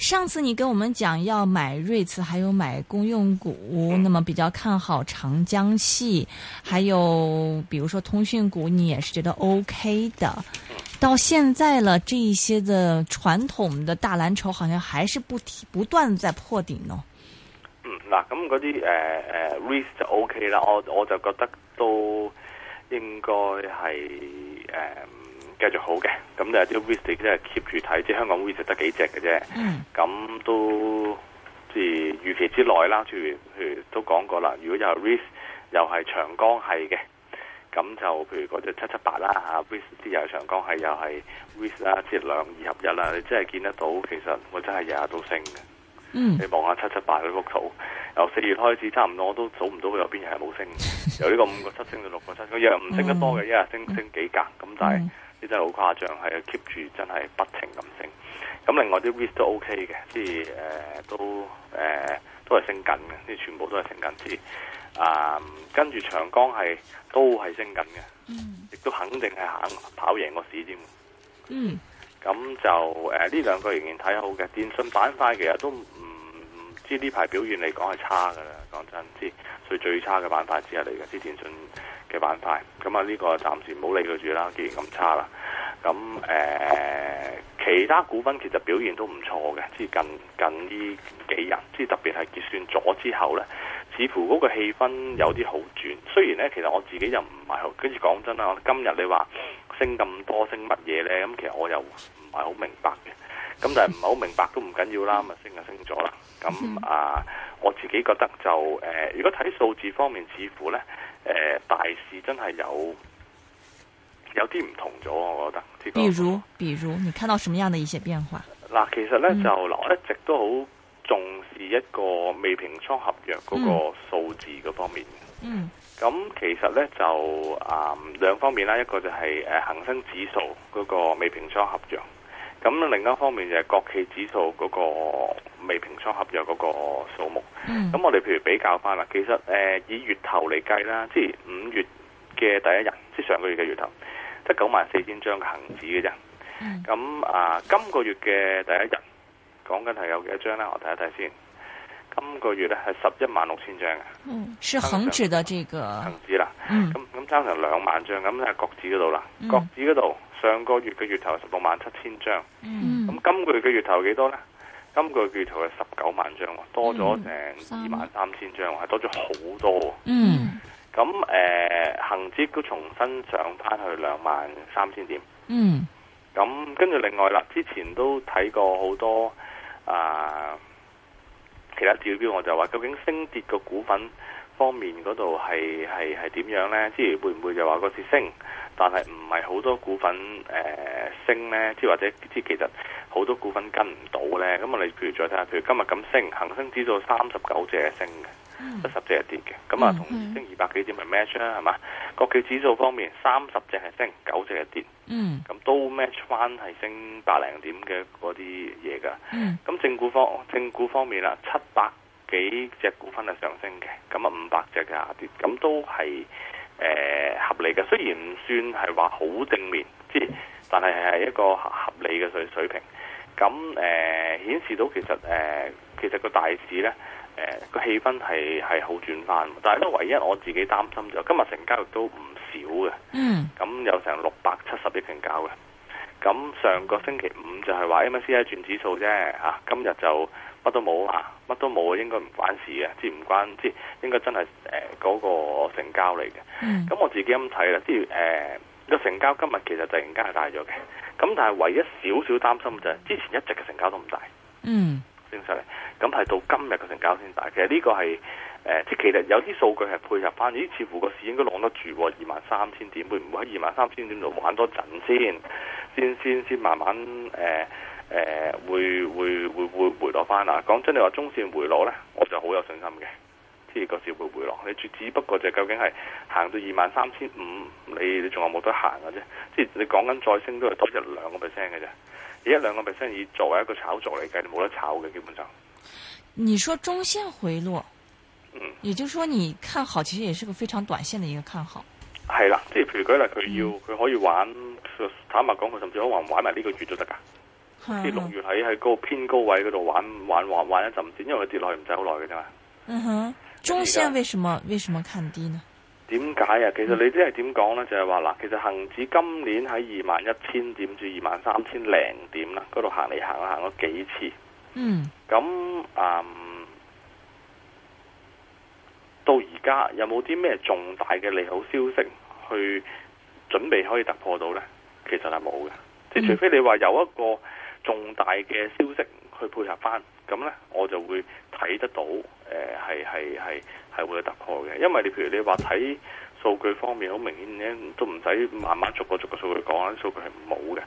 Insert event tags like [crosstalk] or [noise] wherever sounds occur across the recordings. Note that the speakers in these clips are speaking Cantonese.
上次你跟我們講要買瑞慈，還有買公用股，那麼比較看好長江系，還有比如說通訊股，你也是覺得 okay 的。到現在了，這一些的傳統的大藍籌好像還是不停不斷在破頂呢、哦、嗯，嗱，咁嗰啲誒誒，risk 就 O K 啦，我我就覺得都應該係誒。呃繼續好嘅，咁就有啲 REIT 即係 keep 住睇，即係香港 REIT 得幾隻嘅啫。咁都即係預期之內啦。譬如譬如都講過啦，如果有又 REIT 又係長江係嘅，咁就譬如嗰隻七七八啦嚇，REIT 啲又係長江係又係 REIT 啦，即係兩二合一啦。你真係見得到，其實我真係日日都升嘅。你望下七七八嗰幅圖，由四月開始差唔多我都數唔到佢有邊日係冇升。 [laughs] 由呢個五個七升到六個七，佢又唔升得多嘅，一日升升幾格咁但係。呢真係好誇張，係 keep 住真係不停咁升。咁另外啲 bit s 都 OK 嘅，即係誒都誒、呃、都係升緊嘅，呢全部都係升緊市。啊，跟住長江係都係升緊嘅，亦都肯定係行跑贏個市添。嗯，咁就誒呢、呃、兩個仍然睇好嘅電信板塊的，其實都唔知呢排表現嚟講係差㗎啦。講真唔知，所以最差嘅板塊之一嚟嘅啲電信嘅板塊，咁啊呢個暫時唔好理佢住啦。既然咁差啦，咁誒、呃、其他股份其實表現都唔錯嘅，即係近近呢幾日，即係特別係結算咗之後咧，似乎嗰個氣氛有啲好轉。雖然咧，其實我自己又唔係好，跟住講真啦，我今日你話升咁多升，升乜嘢咧？咁其實我又唔係好明白嘅。咁但係唔係好明白都唔緊要啦，咪升就升咗啦。咁啊、呃，我自己覺得就誒、呃，如果睇數字方面，似乎咧。誒、呃，大市真係有有啲唔同咗，我覺得。比如，比如，你看到什麼樣的一些變化？嗱、啊，其實咧、嗯、就，嗱，我一直都好重視一個未平倉合約嗰個數字嗰方面。嗯。咁其實咧就啊兩方面啦，一個就係誒恒生指數嗰個未平倉合約。咁另一方面就係國企指數嗰個未平倉合約嗰個數目，嗯。咁我哋譬如比較翻啦，其實誒以月頭嚟計啦，即係五月嘅第一日，即、係、上個月嘅月頭，得九萬四千張嘅恆指嘅啫。咁、嗯、啊，今個月嘅第一日講緊係有幾多張咧？我睇一睇先。今個月咧係十一萬六千張嘅。嗯，是恆指的這個。恆指啦。咁、嗯、咁差唔多兩萬張，咁係國指嗰度啦。國指嗰度上個月嘅月頭係十六萬七千張，咁、嗯、今個月嘅月頭幾幾多咧？今個月月頭係十九萬張，多咗成二萬三千張，係、嗯、多咗好多。嗯，咁誒，恒、呃、指都重新上翻去兩萬三千點。嗯，咁跟住另外啦，之前都睇過好多、啊、其他指標，我就話究竟升跌嘅股份。方面嗰度係係係點樣咧？即係會唔會就話個市升，但係唔係好多股份誒、呃、升咧？即係或者即係其實好多股份跟唔到咧？咁啊，你譬如再睇下，譬如今日咁升，恒生指數三十九隻升嘅，七、mm. 十隻係跌嘅，咁啊同升二百幾點係 match 啦，係嘛？國企指數方面，三十隻係升，九隻係跌，嗯，咁都 match 翻係升百零點嘅嗰啲嘢噶，咁正股方正股方面啦，七百。700，幾隻股份係上升嘅，咁啊五百隻嘅下跌，咁都係誒、呃、合理嘅。雖然唔算係話好正面，即但係係一個合合理嘅水水平。咁誒顯示到其實誒、呃、其實個大市咧，誒個氣氛係係好轉返。但係咧，唯一我自己擔心就今日成交亦都唔少嘅，嗯，咁有成六百七十億成交嘅。咁上個星期五就係話 MSCI 轉指數啫，啊，今日就。乜都冇啊，乜都冇啊，應該唔關事嘅，即係唔關，即係應該真係嗰、呃那個成交嚟嘅。咁、mm. 我自己咁睇啦，即係誒個成交今日其實突然間係大咗嘅。咁但係唯一少少擔心就係之前一直嘅成交都唔大。嗯、mm.，正常嚟，咁係到今日嘅成交先大。其實呢個係、呃、即係其實有啲數據係配合翻，啲似乎個市應該攞得住。二萬三千點會唔會喺二萬三千點度玩多陣先？先先先慢慢誒。呃誒、呃，會會會會回落翻啦！講真，你話中線回落咧，我就好有信心嘅，即係個市會回落。你只只不過就究竟係行到二萬三千五，你你仲有冇得行嘅啫？即係你講緊再升都係多一兩個 percent 嘅啫，一兩個 percent 以作為一個炒作嚟計，你冇得炒嘅基本上。你說中線回落，嗯，也就是說你看好，其實也是個非常短線嘅一個看好。係、嗯、啦，即係譬如舉例，佢要佢可以玩，坦白講，佢甚至可能玩埋呢個月都得噶。啲六月喺喺個偏高位嗰度玩玩玩玩，玩一陣，點因為佢跌落去唔使好耐嘅啫嘛。嗯哼，中線為什麼為什麼看低呢？點解啊？其實你即係點講咧，就係話嗱，其實恒指今年喺二萬一千點至二萬三千零點啦，嗰度行嚟行去行咗幾次。嗯。咁嗯，到而家有冇啲咩重大嘅利好消息去準備可以突破到咧？其實係冇嘅，即係，嗯，除非你話有一個。重大嘅消息去配合翻，咁咧我就會睇得到，誒係係係係會有突破嘅。因為你譬如你話睇數據方面，好明顯咧，都唔使慢慢逐個逐個數據講，啲數據係冇嘅。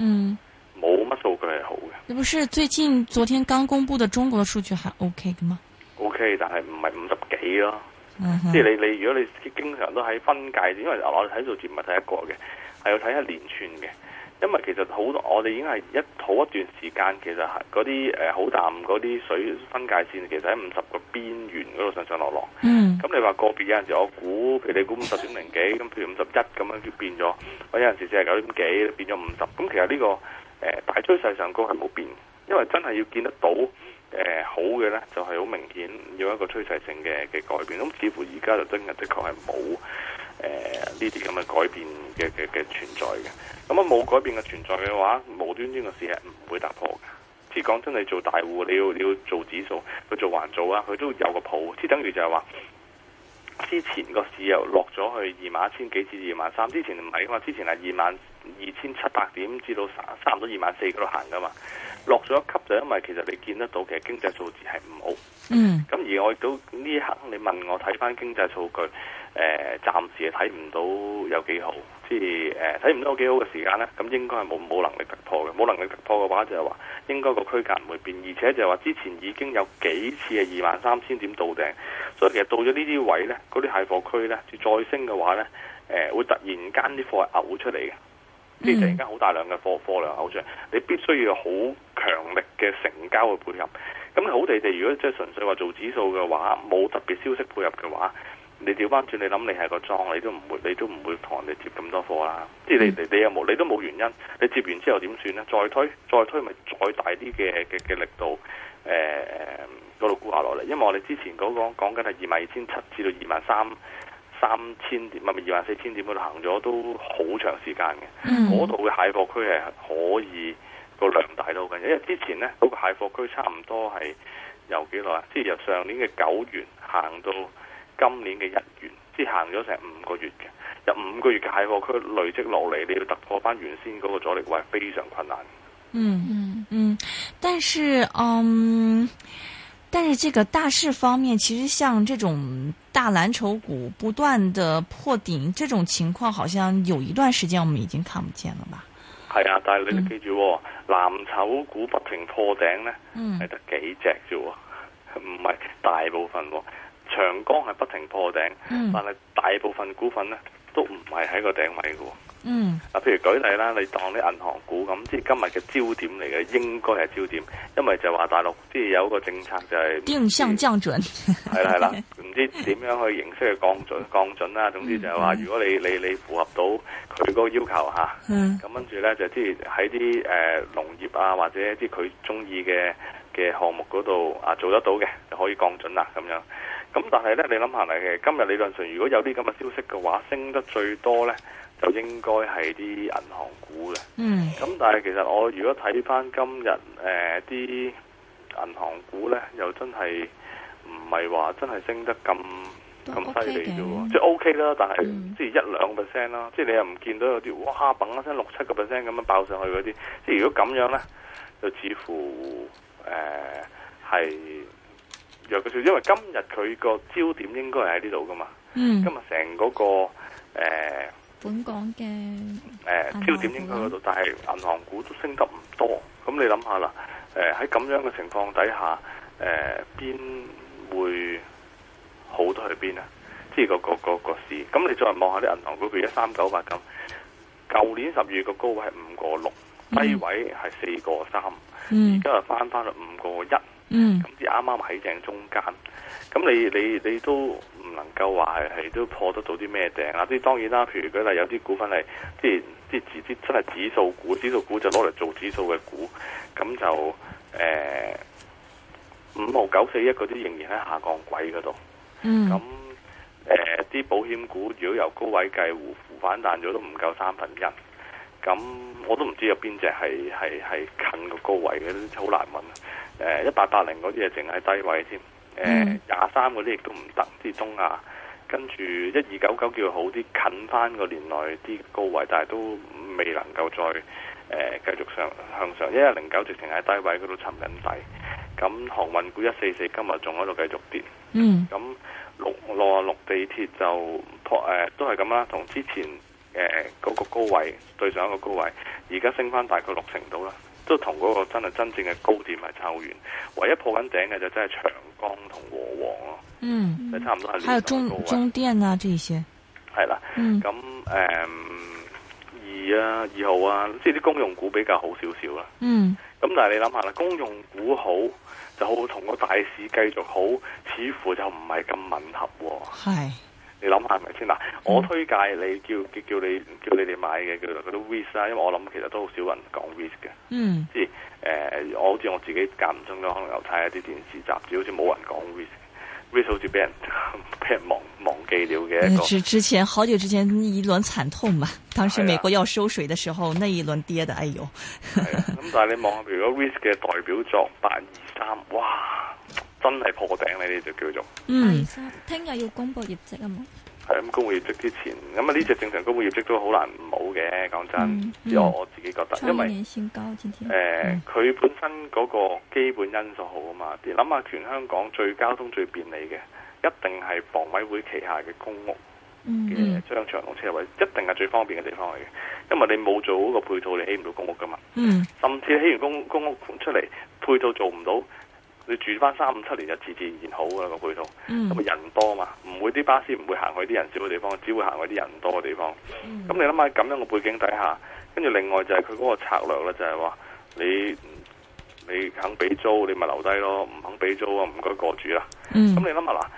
嗯，冇乜數據係好嘅。你不是最近昨天剛公布嘅中國嘅數據係 OK 嘅嗎？OK，但係唔係五十幾咯。即係、uh-huh. 你你如果你經常都喺分界，因為我哋睇數字唔係睇一個嘅，係要睇一連串嘅。因為其實好多我哋已經係一好一段時間，其實係嗰啲誒好淡嗰啲水分界線，其實喺五十個邊緣嗰度上上落落。嗯。咁你話個別有陣時，我估譬如你估五十點零幾，咁譬如五十一咁樣就變咗，我有陣時四十九點幾變咗五十。咁其實呢、這個誒、呃、大趨勢上高係冇變，因為真係要見得到誒、呃、好嘅咧，就係、是、好明顯有一個趨勢性嘅嘅改變。咁似乎而家就真係的，的確係冇。誒、呃，呢啲咁嘅改變嘅嘅嘅存在嘅，咁啊冇改變嘅存在嘅話，無端端個市係唔會突破嘅。即係講真，你做大戶，你要你要做指數，佢做還做啊，佢都有個譜。即係等於就係話，之前個市又落咗去二萬一千幾至二萬三，之前唔係噶嘛，之前係二萬二千七百點至到三三到二萬四嗰度行噶嘛。落咗一級就因為其實你見得到，其實經濟數字係唔好。嗯。咁而我到呢一刻，你問我睇翻經濟數據。誒暫時係睇唔到有幾好，即係誒睇唔到有幾好嘅時間呢，咁應該係冇冇能力突破嘅，冇能力突破嘅話就係話應該個區間唔會變，而且就係話之前已經有幾次係二萬三千點到頂，所以其實到咗呢啲位呢，嗰啲係貨區呢，就再升嘅話呢，誒、呃、會突然間啲貨係嘔出嚟嘅，即、mm. 係突然間好大量嘅貨貨量嘔出嚟，你必須要有好強力嘅成交嘅配合，咁好地地如果即係純粹話做指數嘅話，冇特別消息配合嘅話。你調翻轉，你諗你係個莊，你都唔會，你都唔會同人哋接咁多貨啦。即係你你你有冇？你都冇原因。你接完之後點算咧？再推，再推咪再大啲嘅嘅嘅力度誒嗰度沽下落嚟。因為我哋之前講、講、嗰個講緊係二萬二千七至到二萬三三千點，唔係二萬四千點嗰度行咗都好長時間嘅。嗰度嘅蟹貨區係可以個量大到嘅，緊因為之前咧嗰個蟹貨區差唔多係由幾耐啊？即係由上年嘅九月行到。今年嘅日元，即行咗成五個月嘅，有五個月嘅解貨區累積落嚟，你要突破翻原先嗰個阻力位，非常困難。嗯嗯嗯，但是嗯，但是這個大市方面，其實像這種大藍籌股不斷地破頂，這種情況好像有一段時間我們已經看不見了吧？係啊，但係你要記住、嗯，藍籌股不停破頂咧，係、嗯、得幾隻啫，唔係大部分。長江系不停破頂，但、嗯、係大部分股份咧都唔係喺個頂位嘅。嗯，啊，譬如舉例啦，你當啲銀行股咁，即係今日嘅焦點嚟嘅，應該係焦點，因為就係話大陸即係有一個政策就係定向降準。係啦係啦，唔知點樣去形式去降準降準啦，總之就係話如果你、嗯、你你符合到佢嗰個要求吓，咁跟住咧就即係喺啲誒農業啊或者啲佢中意嘅嘅項目嗰度啊做得到嘅，就可以降準啦咁樣。咁但係咧，你諗下嚟嘅，今日理論上如果有啲咁嘅消息嘅話，升得最多咧，就應該係啲銀行股嘅。嗯。咁但係其實我如果睇返今日，誒、呃，啲銀行股咧，又真係唔係話真係升得咁咁犀利喎，即係 O K 啦。但係即係一兩 percent 啦，即、嗯、係、就是、你又唔見到有啲哇，嘭一聲六七個 percent 咁樣爆上去嗰啲。即係如果咁樣咧，就似乎誒係。呃因為今日佢個焦點應該係喺呢度㗎嘛？嗯，今日成嗰個、呃、本港嘅誒焦點應該喺度，但係銀行股都升得唔多。咁你諗下啦，誒喺咁樣嘅情況底下，誒、呃、邊會好得去邊咧？即係個個個市。咁你再望下啲銀行股，譬如一三九八咁，舊年十二月個高位係五個六，低位係四個三，而家又翻翻去五個一。嗯，咁啲啱啱喺正中間，咁你你你都唔能夠話係都破得到啲咩頂啊？即係當然啦，譬如舉例有啲股份係，即係即係指啲真係指數股，指數股就攞嚟做指數嘅股，咁就誒五號九四一嗰啲仍然喺下降軌嗰度。嗯，咁誒啲保險股如果由高位計，回反彈咗都唔夠三分一，咁我都唔知有邊隻係係係近個高位嘅，好難問。誒，一八八零嗰啲嘢淨係低位先，誒、嗯，廿三嗰啲亦都唔得，即係東亞，跟住一二九九叫好啲，近翻個年內啲高位，但係都未能夠再誒繼續上向上，一一零九直情喺低位嗰度沉緊底。咁航運股一四四今日仲喺度繼續跌，咁六落六地鐵就誒、呃、都係咁啦，同之前誒嗰個高位對上一個高位，而家升翻大概六成度啦。都同嗰個真係真正嘅高點係差好遠，唯一破緊頂嘅就真係長江同和，和黃咯。嗯，即差唔多係。還有中中電啊，這些係啦。嗯，咁誒二啊二號啊，即係啲公用股比較好少少啦。嗯。咁但係你諗下啦，公用股好就好同個大市繼續好，似乎就唔係咁吻合，哦。係。你諗下係咪先嗱？我推介你叫叫，叫你叫你哋買嘅，叫做嗰啲 risk 啦。因為我諗其實都好少人講 risk 嘅，即係誒，我好似我自己間唔中都可能有睇一啲電視雜誌，好似冇人講 risk risk 好似俾人俾 [laughs] 人忘忘記咗嘅一個。之、呃、之前好久之前一輪慘痛嘛，當時美國要收水嘅時候，那一輪跌得，哎呦！咁 [laughs] 但係你望下如果 risk 嘅代表作八二三，8, 2, 3，哇！真係破頂咧，你呢就叫做。嗯，聽、嗯、日要公布業績啊嘛？係咁，公布業績之前，咁啊呢隻正常公布業績都好難唔好嘅，講真。嗯，嗯我自己覺得，天因為誒佢、嗯呃嗯、本身嗰個基本因素好啊嘛。你諗下全香港最交通最便利嘅，一定係房委會旗下嘅公屋嘅商、嗯嗯、場同車位，一定係最方便嘅地方嚟嘅。因為你冇做好個配套，你起唔到公屋噶嘛。嗯。甚至起完公公屋盤出嚟，配套做唔到。你住翻三五七年就自自然然好噶啦個配套，咁啊人多啊嘛，唔會啲巴士唔會行去啲人少嘅地方，只會行去啲人多嘅地方。咁、嗯、你諗下咁樣嘅背景底下，跟住另外就係佢嗰個策略啦就係、係、話你你肯俾租你咪留低咯，唔肯俾租啊唔該過住啦。咁、嗯、你諗下啦，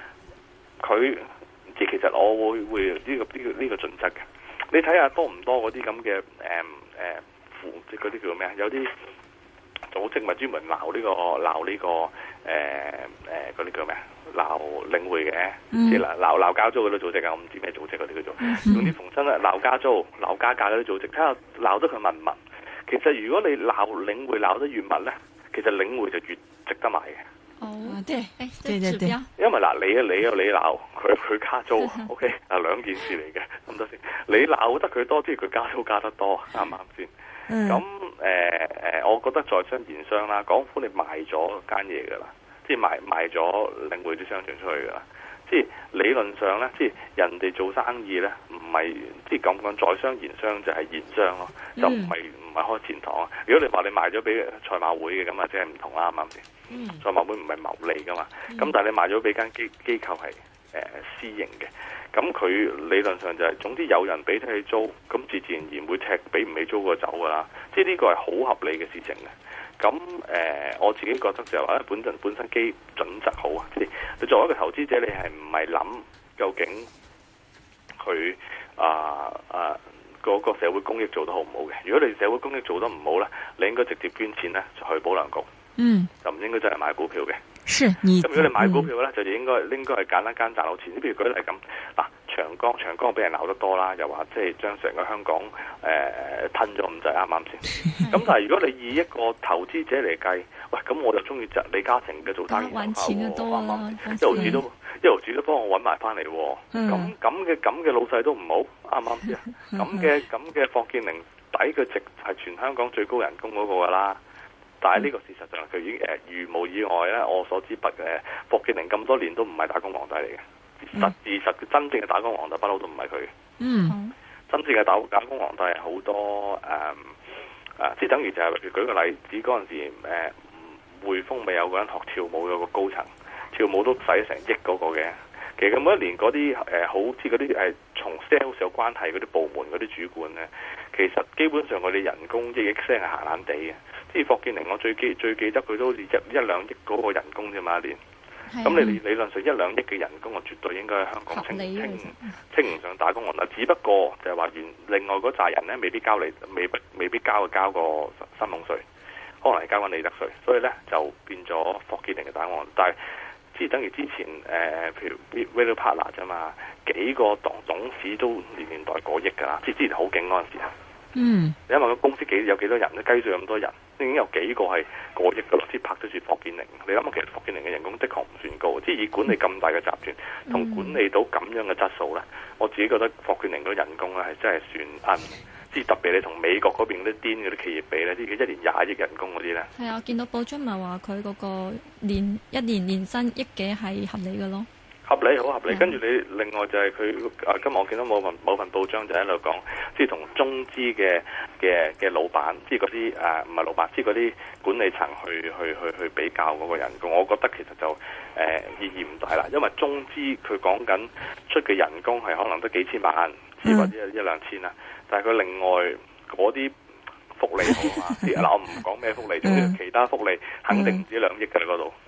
佢即其實我會會呢個呢個呢個準則嘅。你睇下多唔多嗰啲咁嘅誒誒，即嗰啲叫咩啊？有啲。組織咪專門鬧呢個鬧呢個誒誒嗰啲叫咩啊？鬧領匯嘅，即係嗱鬧鬧加租嗰啲組織啊，我唔知咩組織嗰啲叫做，總之逢親啊鬧加租鬧加價嗰啲組織，睇下鬧得佢密唔密。其實如果你鬧領匯鬧得越密咧，其實領匯就越值得買嘅。哦，即係誒，對對對，因為嗱，你啊你啊你鬧，佢佢加租 [laughs] ，OK，嗱兩件事嚟嘅。咁多先，你鬧得佢多啲，佢加租加得多，啱唔啱先？ [laughs] 咁、mm. 誒、呃、我覺得在商言商啦，港府你賣咗間嘢噶啦，即係賣咗領匯啲商場出去噶啦，即係理論上咧，即係人哋做生意咧，唔係即係咁講在商言商就係言商咯，mm. 就唔係唔係開錢堂啊。如果你話你賣咗俾賽馬會嘅咁啊，即係唔同啦，啱唔啱先？賽馬會唔係牟利噶嘛，咁、mm. 但係你賣咗俾間機機，機構係。私營嘅，咁佢理論上就係，總之有人俾得起租，咁自自然然會踢俾唔起租個走噶啦，即係呢個係好合理嘅事情嘅。咁誒、呃，我自己覺得就係話，本身本身基準則好啊，即係你作為一個投資者，你係唔係諗究竟佢啊啊個、那個社會公益做得好唔好嘅？如果你社會公益做得唔好呢，你應該直接捐錢咧去保良局，嗯，就唔應該就係買股票嘅。咁、嗯、如果你買股票咧，就應該應該應該係揀一間賺到錢。譬如舉例咁，嗱、啊，長江長江俾人鬧得多啦，又話即係將成個香港誒吞咗咁滯，啱啱先？咁 [laughs] 但係如果你以一個投資者嚟計，喂，咁我就中意就李嘉誠嘅做生意，多啊，一毫紙都一毫紙都，都幫我揾埋翻嚟喎。咁咁嘅咁嘅老細都唔好，啱啱先？咁嘅咁嘅霍建寧抵佢值係全香港最高人工嗰個㗎啦。但係呢個事實上，佢已經誒如無意外咧。我所知不誒，霍建寧咁多年都唔係打工皇帝嚟嘅、嗯。實事實真正嘅打工皇帝不嬲都唔係佢。嗯，真正嘅打打工皇帝好多誒誒，即、嗯、係、啊、等於就係、是、舉個例子，嗰陣時誒，匯豐咪有嗰人學跳舞有個高層，跳舞都使成億嗰個嘅。其實每一年嗰啲誒好似嗰啲誒從 sales 有關係嗰啲部門嗰啲主管咧，其實基本上佢哋人工一億聲係閒閒地嘅。即係霍建寧，我最記最記得佢都一一兩億嗰個人工啫嘛年，咁你理理論上一兩億嘅人工，我絕對應該喺香港稱稱稱唔上打工王。但只不過就係話完另外嗰扎人咧，未必交嚟，未必未必交個交個薪薪俸稅，可能交緊利得稅，所以咧就變咗霍建寧嘅答案。但係即係等於之前誒、呃，譬如 Vitalparla l 啫嘛，幾個總董，董事都年年代過億㗎啦，即係之前好勁嗰陣時啊。嗯，因為個公司幾有幾多，多人，都住有咁多人。已經有幾個係過億噶啦，即係拍得住霍建寧。你諗下，其實霍建寧嘅人工的確唔算高，即係以管理咁大嘅集團，同管理到咁樣嘅質素咧，我自己覺得霍建寧嗰人工咧係真係算奀。即、嗯、係特別你同美國嗰邊啲癲嗰啲企業比咧，即係一年廿億人工嗰啲咧。係啊，我見到報章咪話佢嗰個年一年年薪億幾係合理嘅咯。合理好合理，跟住你另外就係佢啊！今日我見到某份某份報章就喺度講，即係同中資嘅嘅嘅老闆，即係嗰啲啊，唔係老闆，即係嗰啲管理層去去去去比較嗰個人工，我覺得其實就誒意義唔大啦，因為中資佢講緊出嘅人工係可能得幾千萬，至、um、或者一兩千啦，但係佢另外嗰啲福利啊，嗱 [laughs] 我唔講咩福利，即係其他福利肯定唔止兩億嘅嗰度。Um [laughs]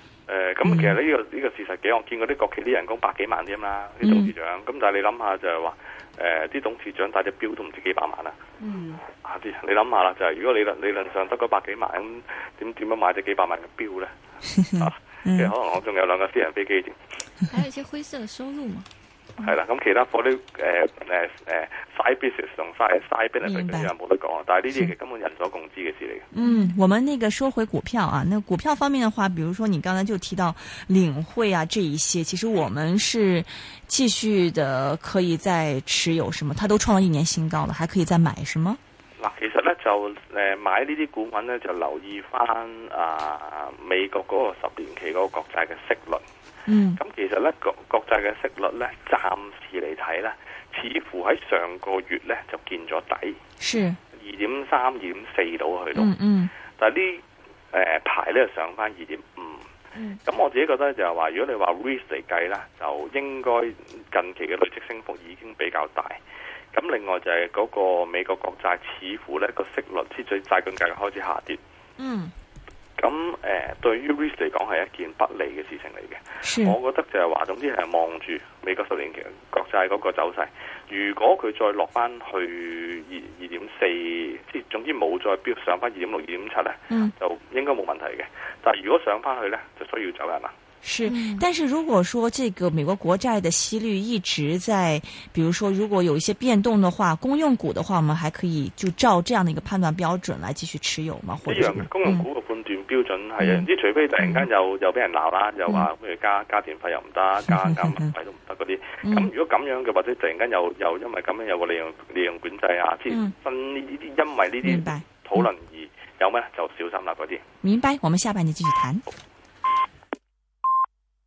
誒、嗯、咁、呃嗯、其實呢、這個呢、這個事實幾，我見過啲國企啲人工百幾萬咋嘛，啲、嗯呃、董事長。咁但係你諗下就係話，誒啲董事長戴隻表都唔知幾百萬、嗯、啊！啊啲你諗下啦，就係如果你論理論上得嗰百幾萬，咁點點樣買隻幾百萬嘅表咧？啊、嗯，其實可能我仲有兩個私人飛機添。還、啊、有一些灰色的收入嘛。係、嗯、啦，咁、嗯、其他嗰啲誒誒誒 side business 同 side side business 就冇得講啦。但係呢啲嘢根本人所共知嘅事嚟嘅。嗯，我們那個說回股票啊，那股票方面的話，比如說你剛才就提到領匯啊，這一些，其實我們是繼續的可以再持有，什麼？它都創咗一年新高啦，還可以再買，是嗎？嗱，其實咧就誒買呢啲股份咧，就留意翻啊美國嗰個十年期嗰個國債嘅息率。嗯。咁其實咧國國債嘅息率咧，暫時嚟睇咧，似乎喺上個月咧就見咗底。是。二點三、二點四到去到。嗯，嗯。但係呢誒排咧就上翻二點五。咁我自己覺得就係話，如果你話 risk 嚟計啦，就應該近期嘅累積升幅已經比較大。咁另外就係嗰個美國國債，似乎咧個息率之最債券價格開始下跌。嗯。咁誒、呃，對於 risk 嚟講係一件不利嘅事情嚟嘅。是。我覺得就係話，總之係望住美國十年期國債嗰個走勢。如果佢再落翻去二二點四，即係總之冇再飆上翻二點六、二點七咧，嗯，就應該冇問題嘅。但係如果上翻去咧，就需要走人啦。是，但是如果說這個美國國債的息率一直在，比如說如果有一些變動的話，公用股的話，我們還可以就照這樣的一個判斷標準來繼續持有嗎？或者一樣。公用股的判斷標準係唔知，除、嗯、非突然間又又俾人鬧啦，又話譬如、嗯、加加電費又唔得、嗯，加加物費都唔得嗰啲。咁、嗯、如果咁樣嘅，或者突然間又又因為咁樣有個利用利用管制啊，即係呢啲因為呢啲討論而有咩、嗯、就小心啦嗰啲。明白，我們下半年繼續談。